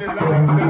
Thank you.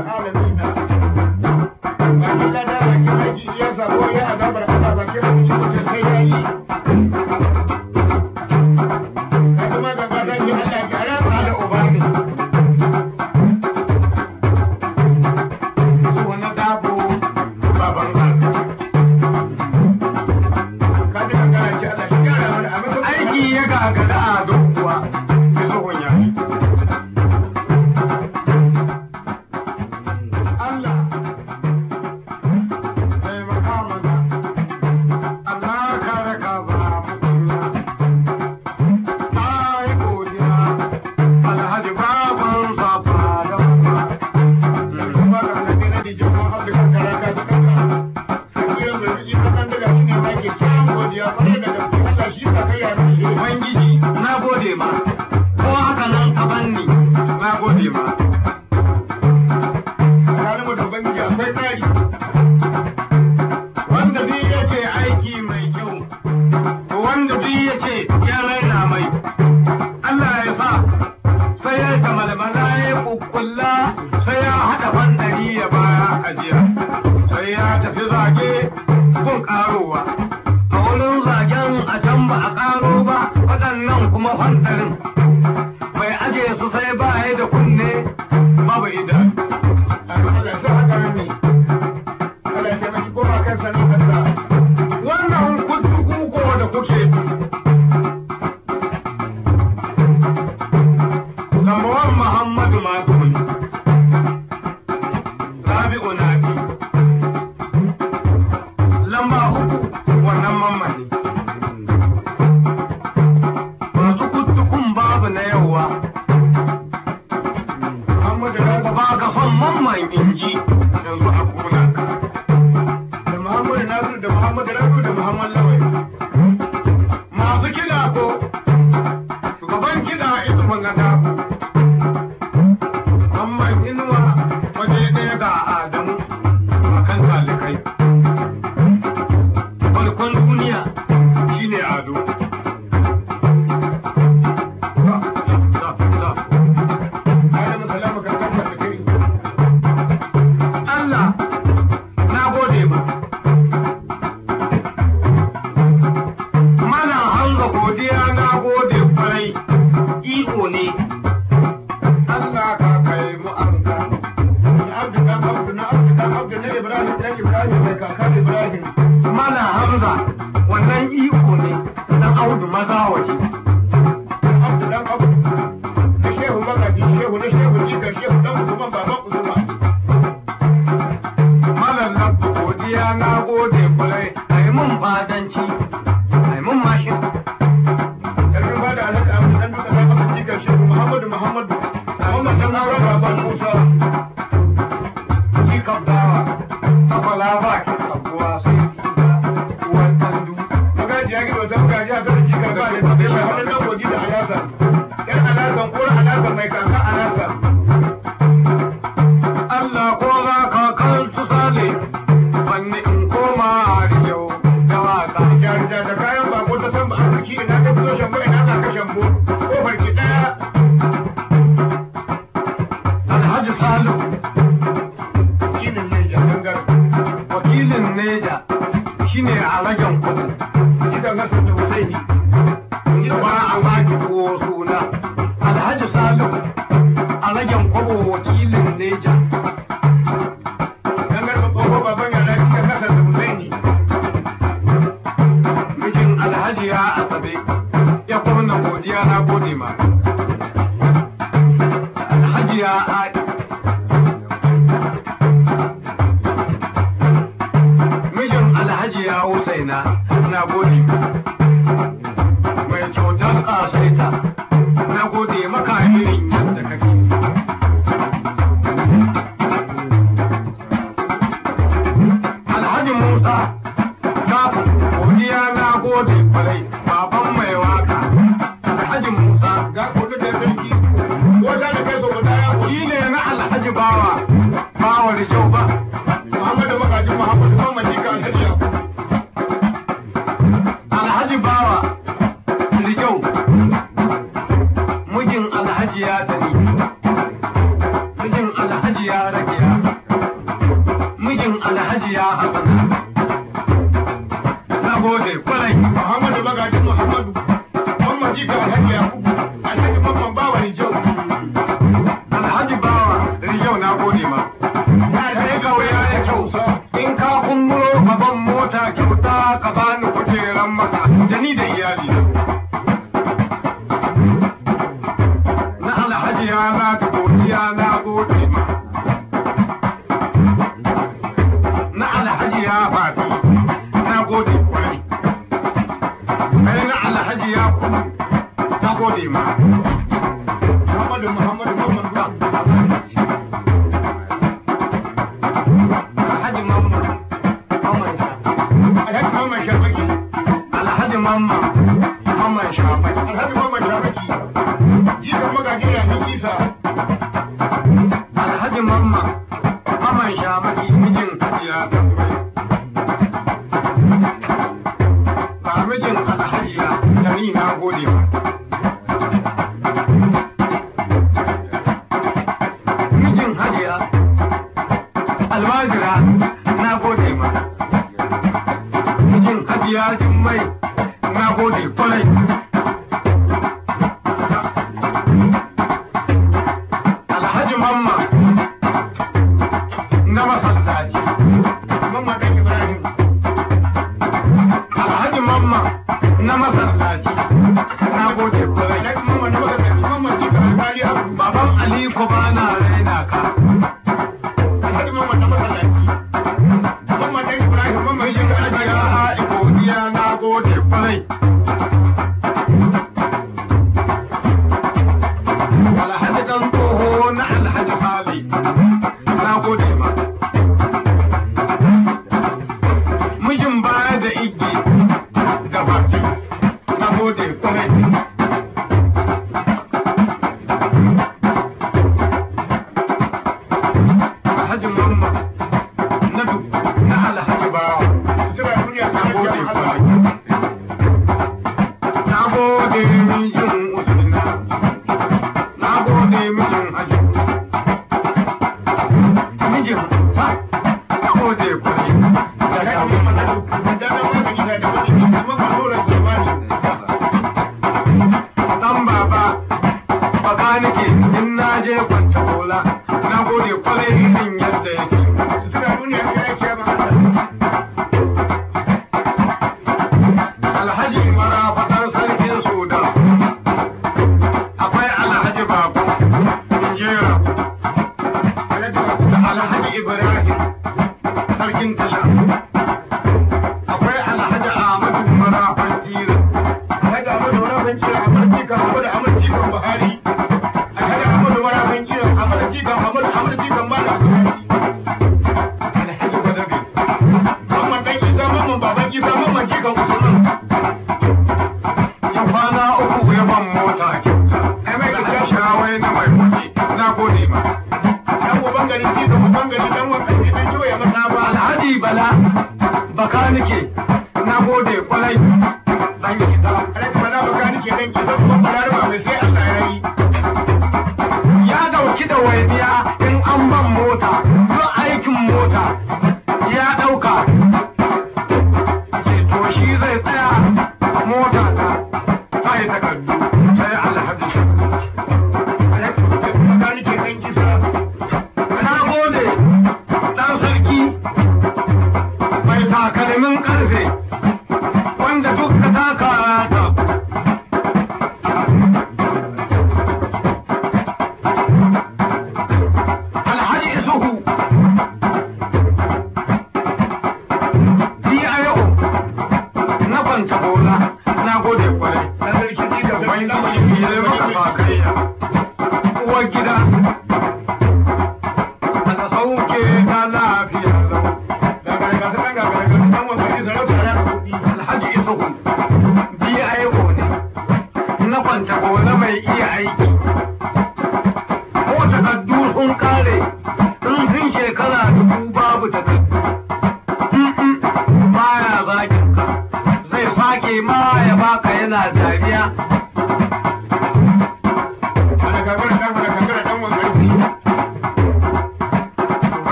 Chego, né? Chego de cachorro, dá uma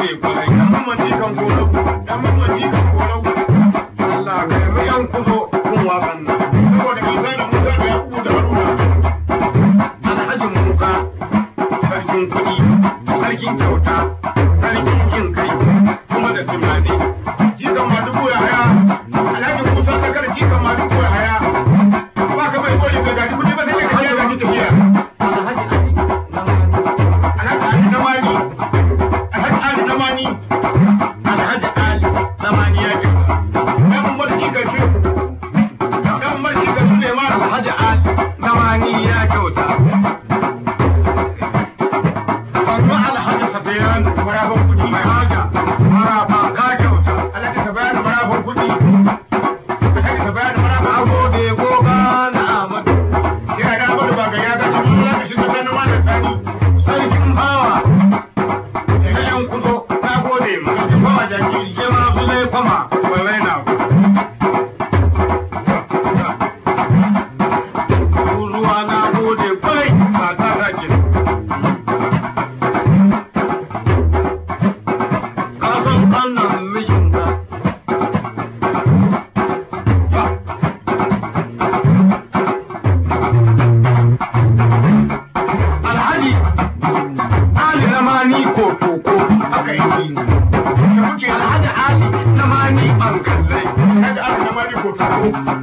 with, with Thank you.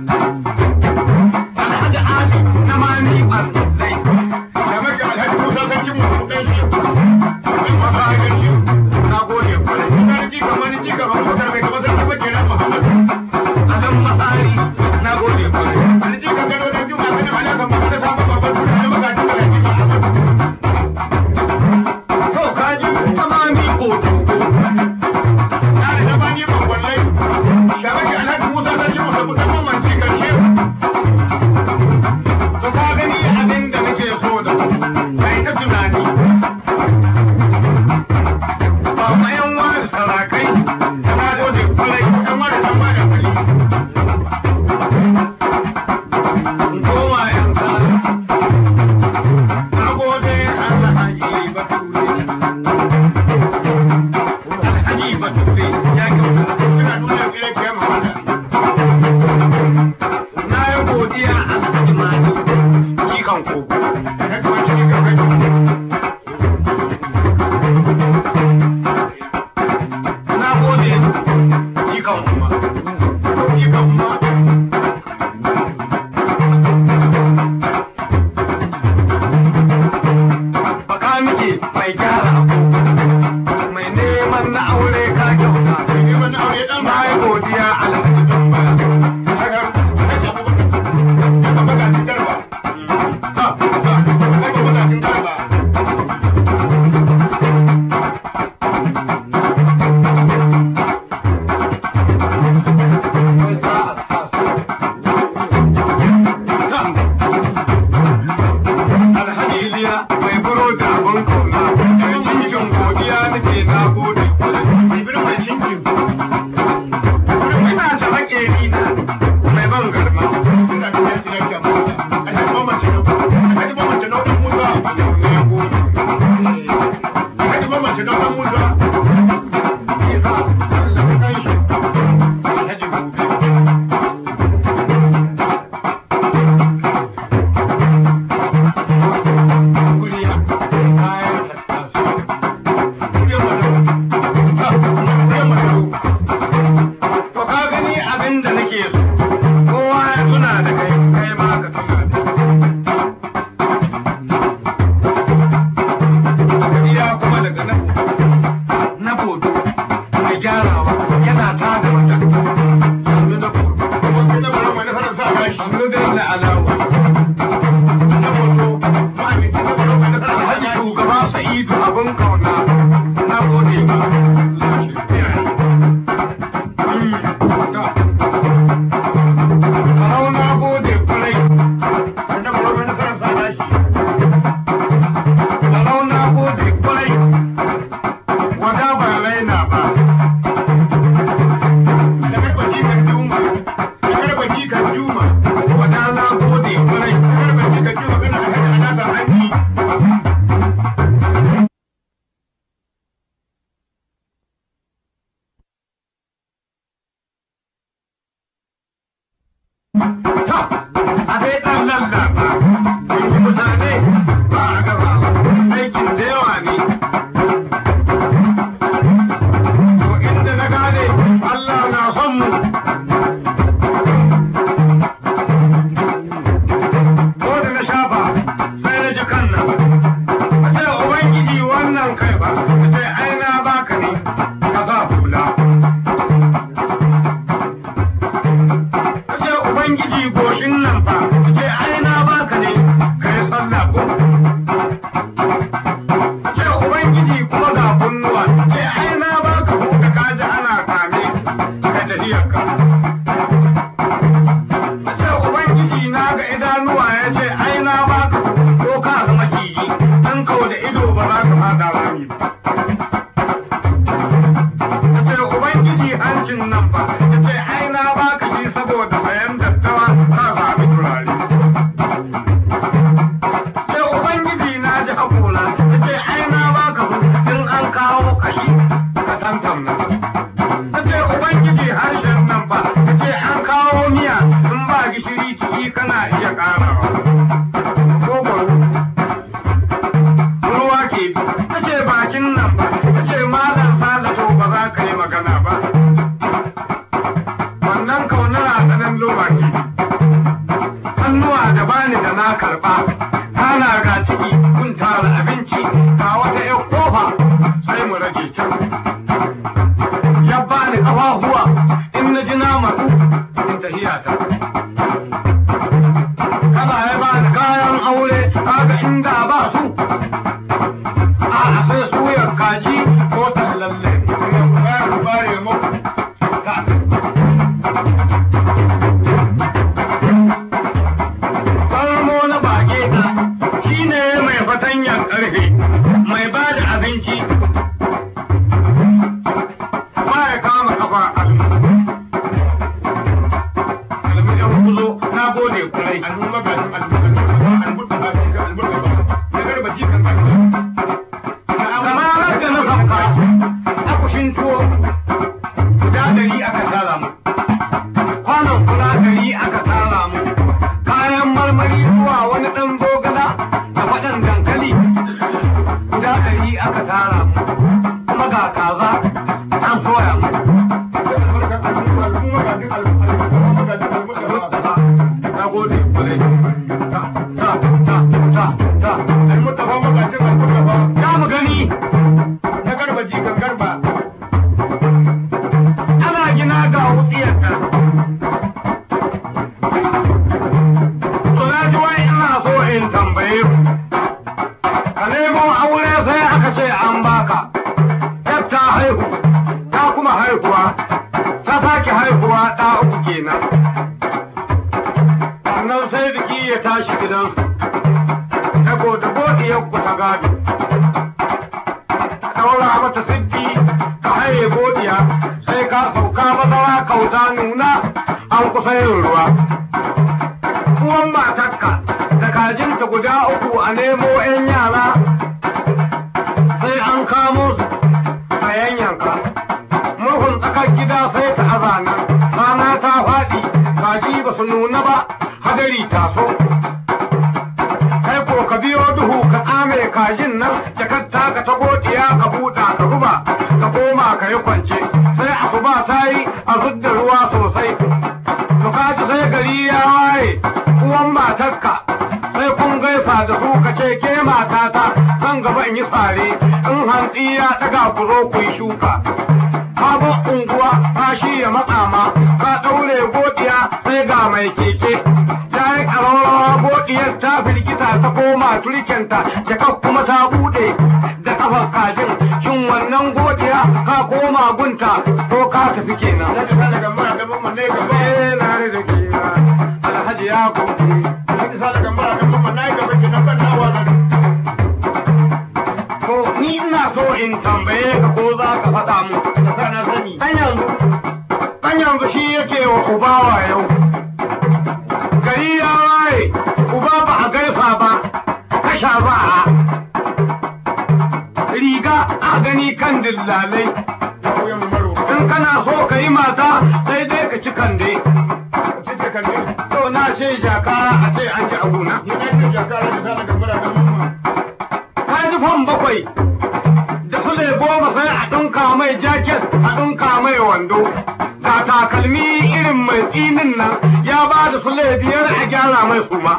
yi kwance sai ba ta yi a zudda ruwa sosai to sai gari ya waye uwan matarka sai kun gaisa da su ka ce ke matata zan gaba in yi sare in hantsi ya daga ku zo ku yi shuka sabon unguwa shi ya matsama, ka daure godiya sai ga mai keke ya yi ƙararrawa ta firgita ta koma turkenta ta kuma ta ka koma gunta ko ka tafi kenan eh, alhaji ya Ko ni ina so in tambaye ka ko za ka faɗa mu yanzu shi yake wa ubawa yau gari ya waye uba ba a gaisa ba kasha ba riga a gani dillalai in kana so ka yi mata sai dai ka ci kande to na ce jakara a ce an ji aguna ka ji fam bakwai da su goma sai a ɗinka mai jaket a ɗinka mai wando ga takalmi irin mai tsinin nan ya ba da su biyar a gyara mai suma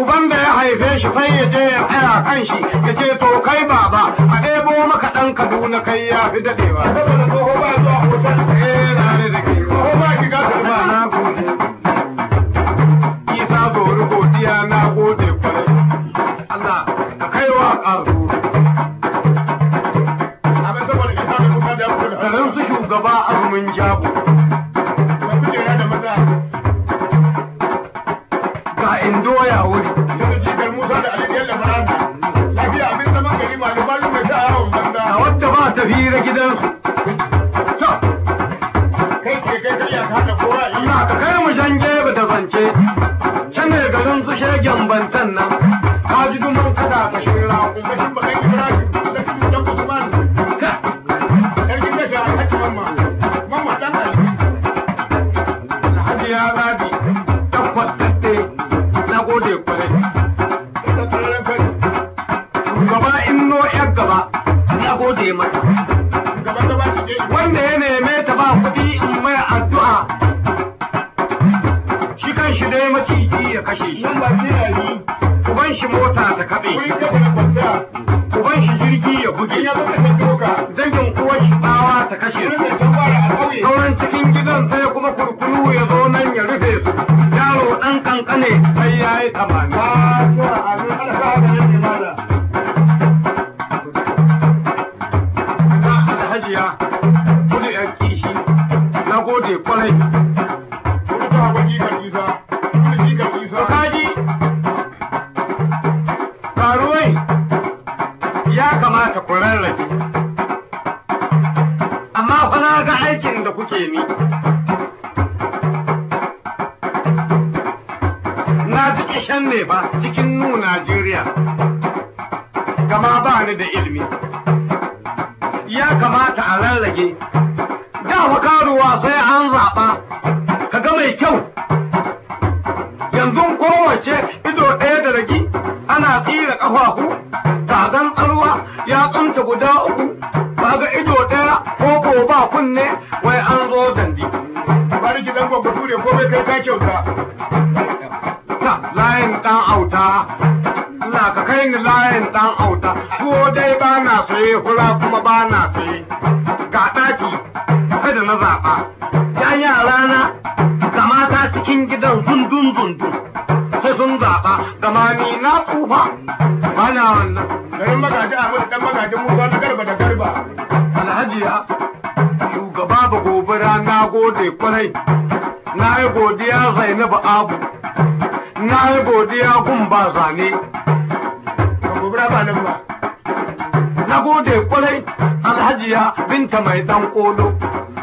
uban da ya haife shi sai ya je ya tsaya kan shi ya ce to kai baba Kaduna kai ya fi dadewa. ɗan kankane sai ya yi mai na yi godiya zainabu abu na yi godiya ba zane na gode kwarai alhajiya binta mai dan kodo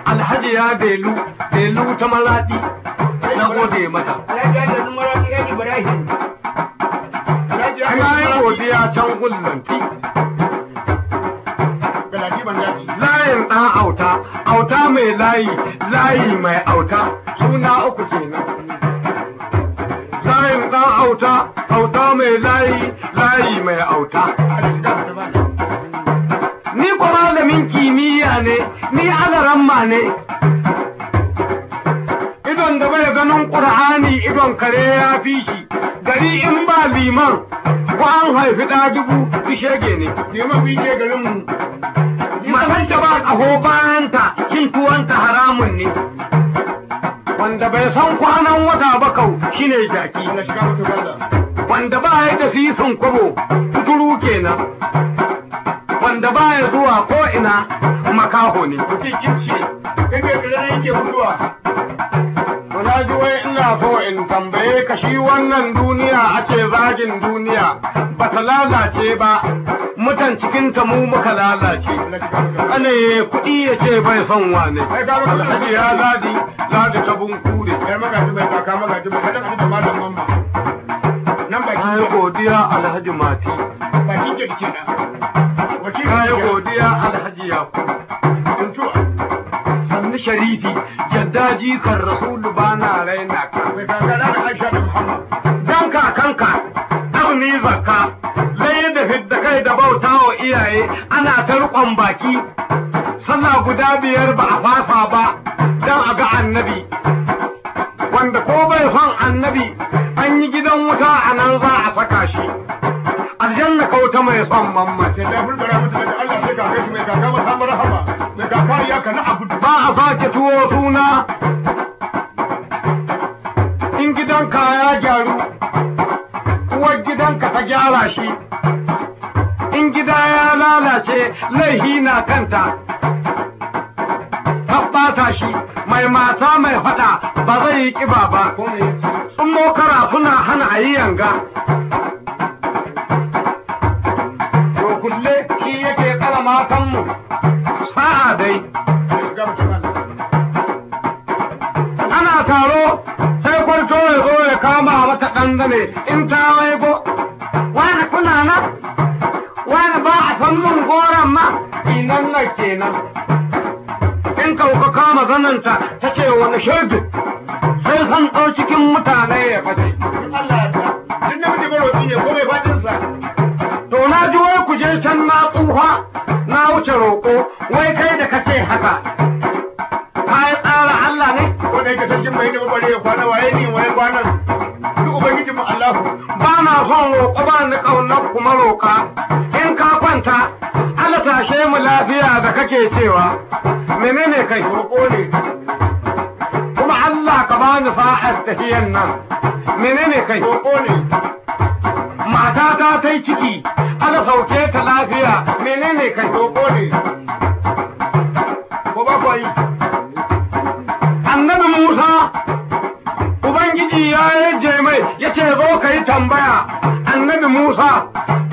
alhajiya belu belu ta maladi na gode mata na yi godiya can gullanti samun auta auta mai layi layi mai auta suna uku kenan layin ɗan auta auta mai layi layi mai auta ni kwa malamin kimiyya ne ni ma ne idon da bai ganin ƙur'ani idon kare ya fi shi gari in ba liman ko an haifi ɗa dubu shege ne liman fi ke ƙasar da ba ƙaho bayanta kin tuwanta haramun ne. Wanda bai san kwanan wata ba kau shine jaki. Wanda ba ya da sisin kwabo kuturu kenan. Wanda ba ya zuwa ko ina makaho ne. Mutum kimce, kake kira yake mutuwa. ka wai ina so in tambaye ka shi wannan duniya a ce zagin duniya ba ta lalace ba mutan cikin ta mu muka lalace ana ye kuɗi ya ce bai son wane alhaji ya zadi zadi ta bunkure kai maka ji mai kaka magaji mai kada kaji da malam mamma nan ba kai godiya alhaji mati ba ki kike kenan kai godiya alhaji yakubu tun sannu sharifi yarda jikar rasulu ba na raina ka gagarar ashar muhammad dan kakanka ni zakka sai da fidda kai da bauta wa iyaye ana tarkon rikon baki sallah guda biyar ba a fasa ba dan a ga annabi wanda ko bai son annabi an yi gidan wuta a nan za a saka shi aljanna kauta mai son mamman. Allah sai ga kai mai kaka masa rahama. ki tuwo suna in gidanka ya gyaru uwar gidanka ta gyara shi in gida ya lalace laihi na kanta tabbata shi mai mata mai fada ba zai yi ƙiba ba in karafuna suna hana a yi yanga daga shirbe sai san ɗau cikin mutane ya fashe. Allah ya ta, ne ko mai To na ji wai ku je can na tsufa na wuce roƙo wai kai da ka ce haka. Ka yi tsara Allah ne? Ko da yake sarkin ya kwana waye ni waye Duk Ubangiji mu Allah. Ba na son roƙo ba ni ƙaunar kuma roƙa. In ka kwanta Allah tashe mu lafiya da kake cewa. Menene kai? Roƙo ne. ka bani sa'ar tafiyan nan menene kai mata ta ta ciki ana sauke ta lafiya menene kai ne ko ba annabi musa ubangiji ya yaje mai ya ce zo ka yi tambaya annabi musa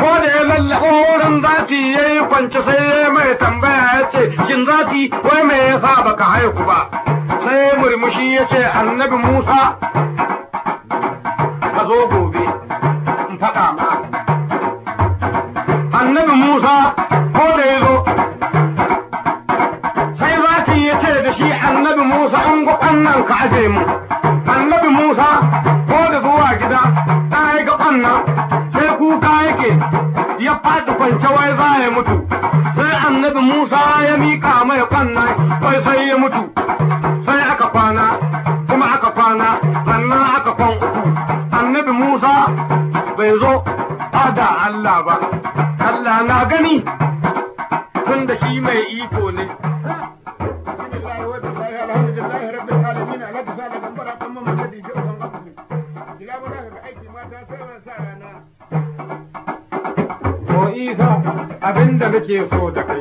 ko da ya lallaɓa horon zati ya yi kwanci sai ya mai tambaya ya ce shin zati wai ya yasa baka haiku ba shi ya ce annabi Musa ka zo gobe in faɗa ma. Annabi Musa ko da ya zo sai za zaki ya ce da shi annabi Musa an ga nan ka aje mu. Annabi Musa ko da zuwa gida ta yi ga nan sai kuka yake ya faɗi kwance wai za ya mutu. Sai annabi Musa ya miƙa mai ƙwannan wai sai ya mutu. yake so da kai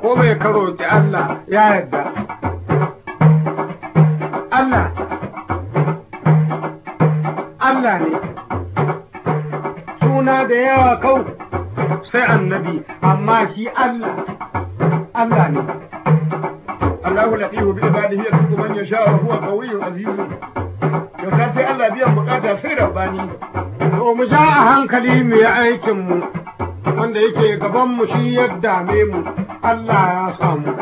ko bai karo ki Allah ya yarda shi ya dame mu Allah ya samu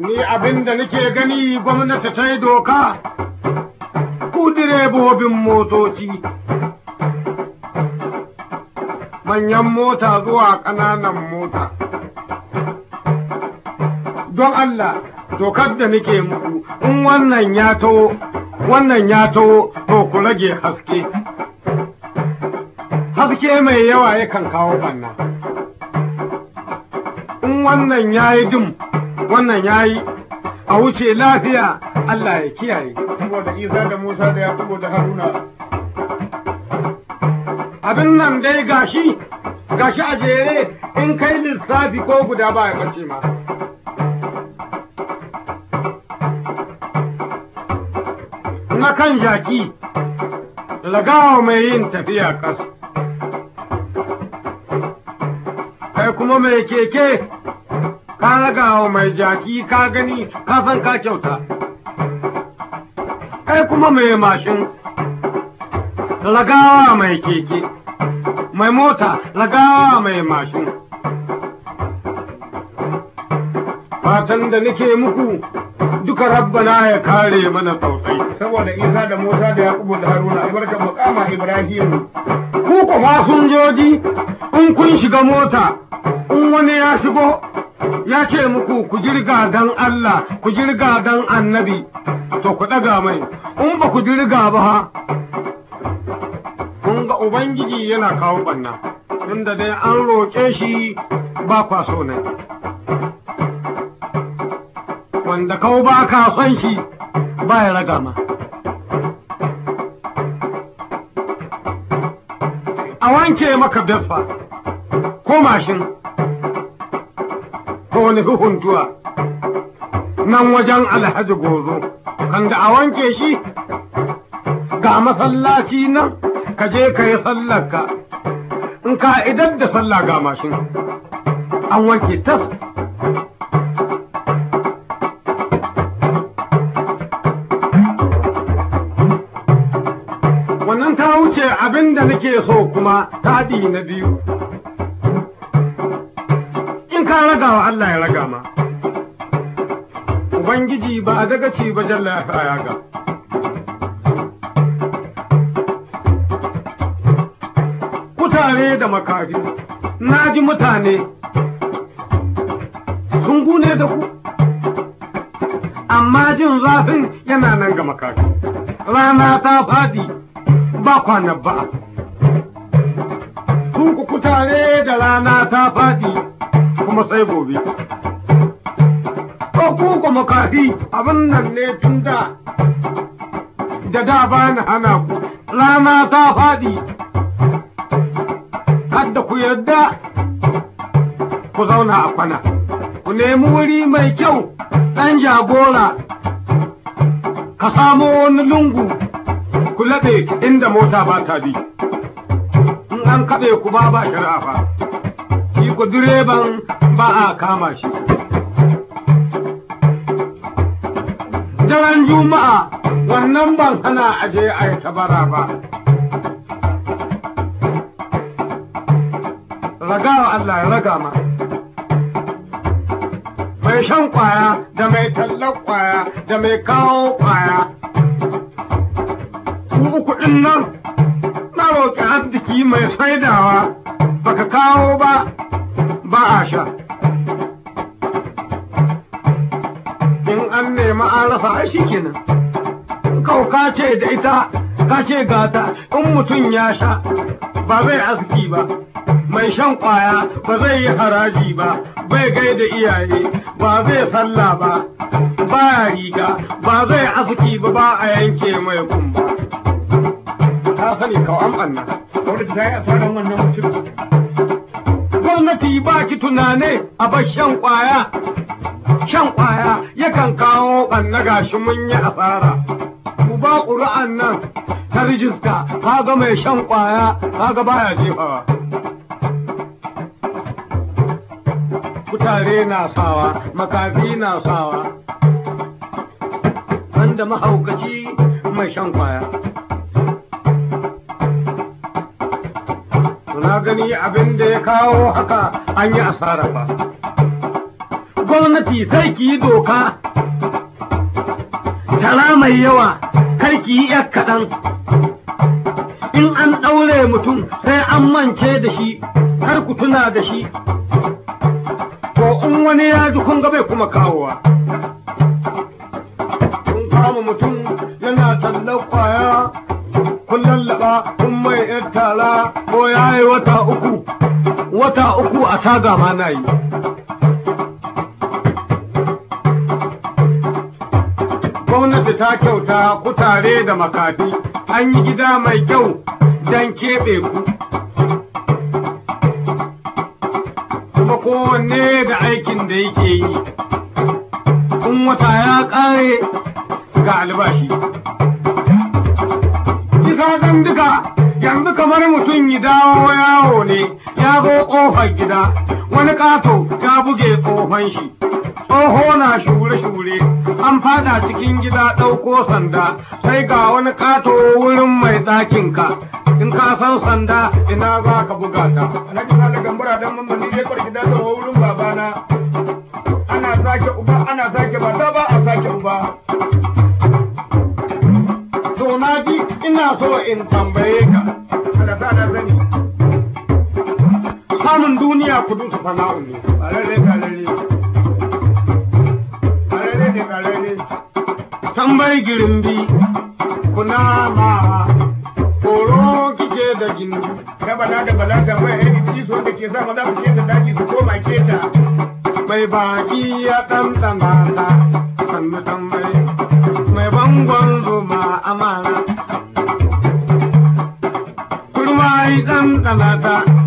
ni abin da nake gani gwamnati ta yi doka ku direbobin motoci manyan mota zuwa ƙananan mota don Allah dokar da nake muku in wannan ya to wannan ya taho to ku rage haske haske mai yawa yakan kawo banna in wannan ya yi dum wannan ya yi a wuce lafiya Allah ya kiyaye saboda isa da musa da yakubu da haruna abin nan dai gashi gashi a jere in kai lissafi ko guda ba ya ma na kan jaki lagawa mai yin tafiya ƙasa kai kuma mai keke ka wa mai jaki ka gani ka san ka kyauta kai kuma mai mashin lagawa mai keke mai mota lagawa mai mashin fatan da nake muku duka rabbana ya kare mana tausayi saboda isa da Mota da yakubu da haruna albarkar makama ibrahim ku kuma sun joji in kun shiga mota in wani ya shigo ya ce muku ku jirga dan Allah ku jirga dan annabi to ku ɗaga mai in ba ku jirga ba kun ga ubangiji yana kawo banna inda dai an roƙe shi ba kwa so ne wanda kawo ba ka son shi ba ya raga ma a wanke maka beffa ko mashin ko wani huhuntuwa nan wajen alhaji gozo kan da a wanke shi ga masallaci nan ka je ka yi sallarka in ka idan da sallah ga mashin an wanke tas wannan ta wuce abin da nake so kuma taɗi na biyu ka wa Allah ya raga ma ubangiji ba a daga ci ba jalla ya ya ga kutare da makari na ji mutane sun gune da ku amma jin zafin yana nan ga makari rana ta faɗi ba kwanan ba'a abin nan ne tun da da da ba ni hana ku rana ta faɗi hadda ku yarda ku zauna a kwana ku nemi wuri mai kyau ɗan jagora ka samo wani lungu ku laɓe inda mota ba ta bi in an kaɓe ku ba ba shari'a fa ku direban ba a kama shi ran juma'a wannan ban sana aje a yi tabara ba raga Allah ya raga ma mai shan kwaya da mai tallar kwaya da mai kawo kwaya ku kuɗin nan na roƙi arziki mai saidawa baka kawo ba ba a sha masa ai kauka ce da ita ka ce gata in mutum ya sha ba zai aski ba mai shan kwaya ba zai yi haraji ba bai gaida iyaye ba zai sallah ba Ba ya riga ba zai aski ba ba a yanke mai kumba ta sani kawai am'anna gwamnati ta yi asarar wannan mutum gwamnati ba ki tunane a bashan kwaya shan kwaya yakan kawo ɓanna gashi mun yi asara ku ba ƙuri'an nan ta rijista kaga mai shan kwaya kaga baya jefawa kutare na sawa makafi na sawa wanda mahaukaci mai shan kwaya na gani abin da ya kawo haka an yi asara ba gwamnati sai ki yi doka tara mai yawa kar ki yi yak kaɗan in an ɗaure mutum sai an mance da shi kar ku tuna da shi to in wani ya ji kun ga bai kuma kawowa kun kama mutum yana tallar kwaya kun lallaba kun mai yar tara ko ya yi wata uku wata uku a taga ma na yi gwamnati ta kyauta kutare da makafi an yi gida mai kyau don keɓe ku kuma kowanne da aikin da yake yi kun wata ya ƙare ga albashi kisa zan duka yanzu kamar mutum yi dawo yawo ne ya zo ƙofar gida wani ƙato ya buge tsohon shi tsoho na shure-shure an fada cikin gida ɗauko sanda sai ga wani kato wurin mai ɗakinka in ka san sanda ina za ka buga ta na ji da gambara don mamman ne kwar gida da wurin babana ana sake uba ana sake ba ta ba a sake uba to na ji ina so in tambaye ka kada ta na sani samun duniya kudu su fana'u ne ba lalle lalle tambayi bai girimbi kuna ma koro kike da gini na bala da bala da mai hedi so da ke sa maza su da daji su koma keta mai baki ya dan dan bala sannu dan mai mai bangon zuma amara kurma yi dan talata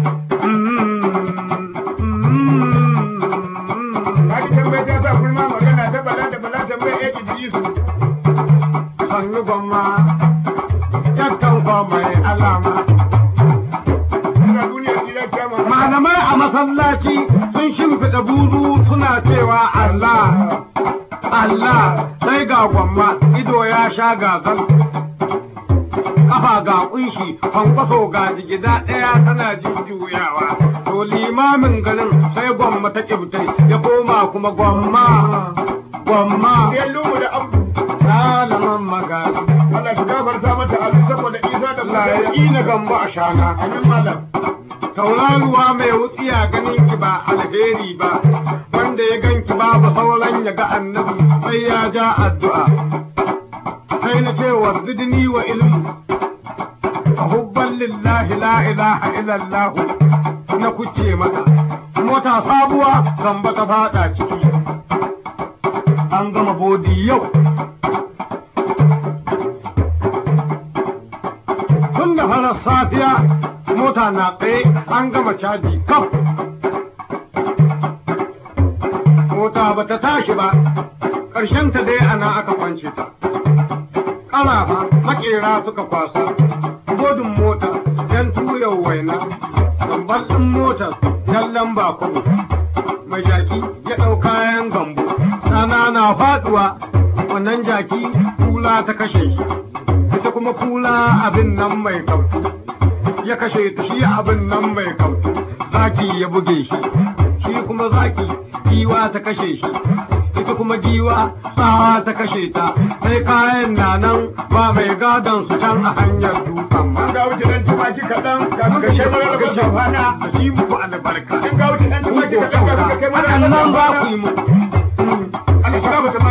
da buzu suna cewa Allah, Allah sai ga gwamma ido ya sha gagan. Kafa ga kunshi, kwankwaso ga jigida ɗaya tana jujjuyawa. To limamin garin sai gwamma ta kibtai ya koma kuma gwamma, gwamma. Ya lumu da abu. Salaman magana. Allah shi gafarta mata abu saboda isa da Allah ya gamba a shana. Amin malam. tauraruwa mai wutsiya ganin ki ba alheri ba wanda ya ganki babu sauran ya ga annabi sai ya ja addu'a sai na ce wa zidini wa ilmi hubban lillahi la ilaha na kuce mata. mota sabuwa zamba ta fada ciki an gama bodi yau tun da farar safiya mota na tsaye an gama caji kaf. mota ba ta tashi ba ta dai ana aka kwance ta ba makera suka kwasa godin mota yan tuyar waina ɗin mota yan lamba kudu mai jaki ya ɗau kayan gambo sana na faduwa wannan jaki kula ta kashe shi ita kuma kula abin nan mai kamfu ya kashe ta shi abin nan mai kautu zaki ya buge shi shi kuma zaki giwa ta kashe shi ita kuma giwa tsawa ta kashe ta sai kayan na nan ba mai gadon su can a hanyar dukan ma ga wuce dan tumaki kaɗan ga kashe mara da kashe fana a shi muku albarka ga wuce dan tumaki kaɗan ga ku kashe mara da kashe fana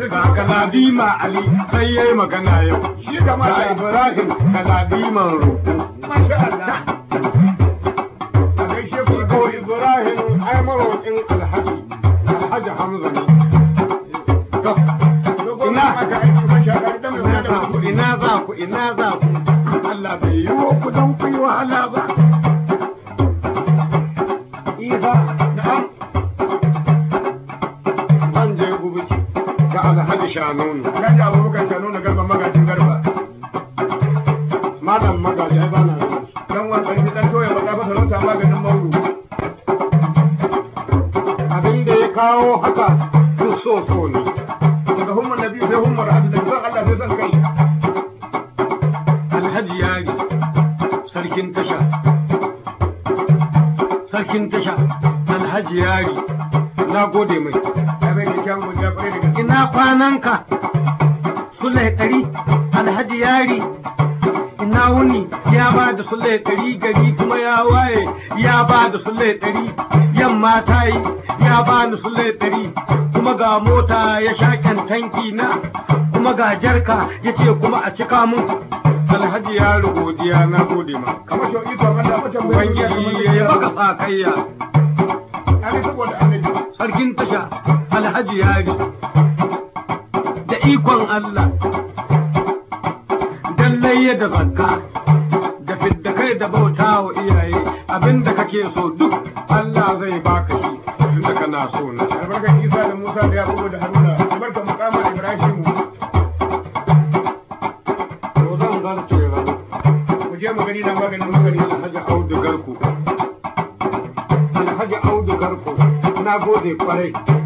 su ga ma ali sai yayi magana yau shi gama da ibrahim kaladiman roƙo masha Allah sai shi ko ibrahim ai maroƙin alhaji alhaji hamza ne ina ina za ku ina za ku Allah bai yi wa ku don ku yi wahala ba Xanuno. Grande aluno. sulle ɗari gari kuma ya waye ya ba da sulle ɗari yamma ta yi ya ba ni sulle ɗari kuma ga mota ya sha tanki na kuma ga jarka ya ce kuma a cika mun alhaji ya rugodiya na gode ma kamar shi to amma da mutum bai yi ya baka sakayya ai saboda sarkin tasha alhaji ya yi da ikon Allah dallai da zakka da bauta wa iyaye abin da kake so duk Allah zai baka shi da kana so na albarkan Isa da Musa da Yakubu da Haruna albarkan mukamar Ibrahim to zan zan ce ku je magani na maganin maganin Alhaji Audu garku Alhaji Audu garku na gode kwarai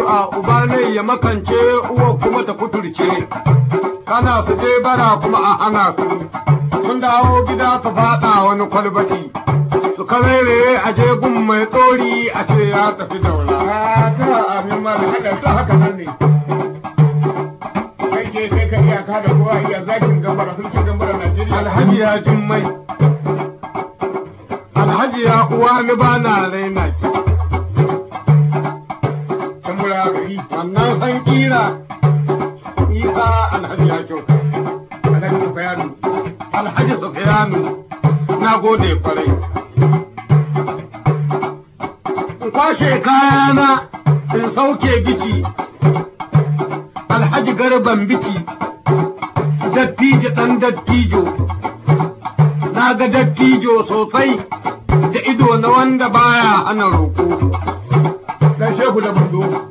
addu'a uba ne ya makance uwa kuma ta kuturce kana su je bara kuma a ana su sun dawo gida ka fada wani kwalbati su karere a je gun mai tsori a ce ya tafi daula ta amin mara da ta haka nan ne ke kai ka iyaka da kowa iya zakin gambara sun ce gambara najeriya alhaji ya jummai alhaji ya uwa ni ba na raina kura wannan san kira isa alhaji ya alhaji sufyanu alhaji na gode kwarai in kwashe kayana in sauke bici alhaji garban bici dattijo ɗan dattijo na ga dattijo sosai da ido na wanda baya ana roƙo da shehu da bundo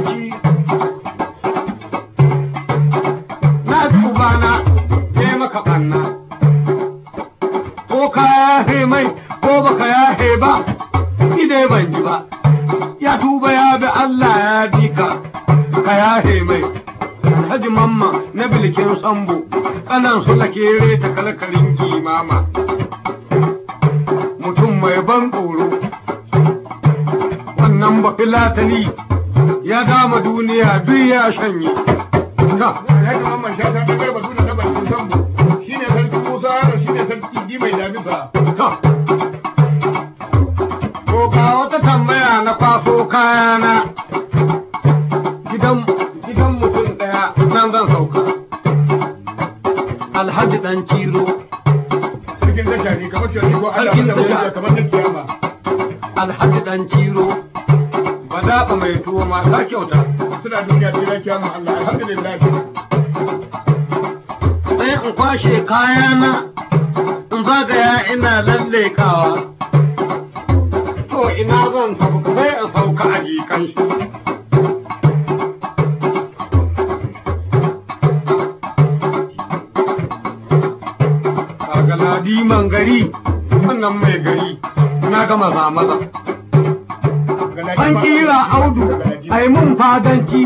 ka he mai ko baka yahe ba ni dai ban ji ba ya tuba ya bi Allah ya bi ka ka yahe mai Haji mamma na bilkin sambo kanan su lakere ta kalkarin mama mutum mai ban tsoro wannan ba filatani ya dama duniya duk ya shanye. Ta, ya kwana gidan gidan mutum ɗaya nan zan sauka alhaji ciro alhaji ciro mai tuwo ma ta kyauta suna duniya maza maza. An ƙira audu, ai mun fadanci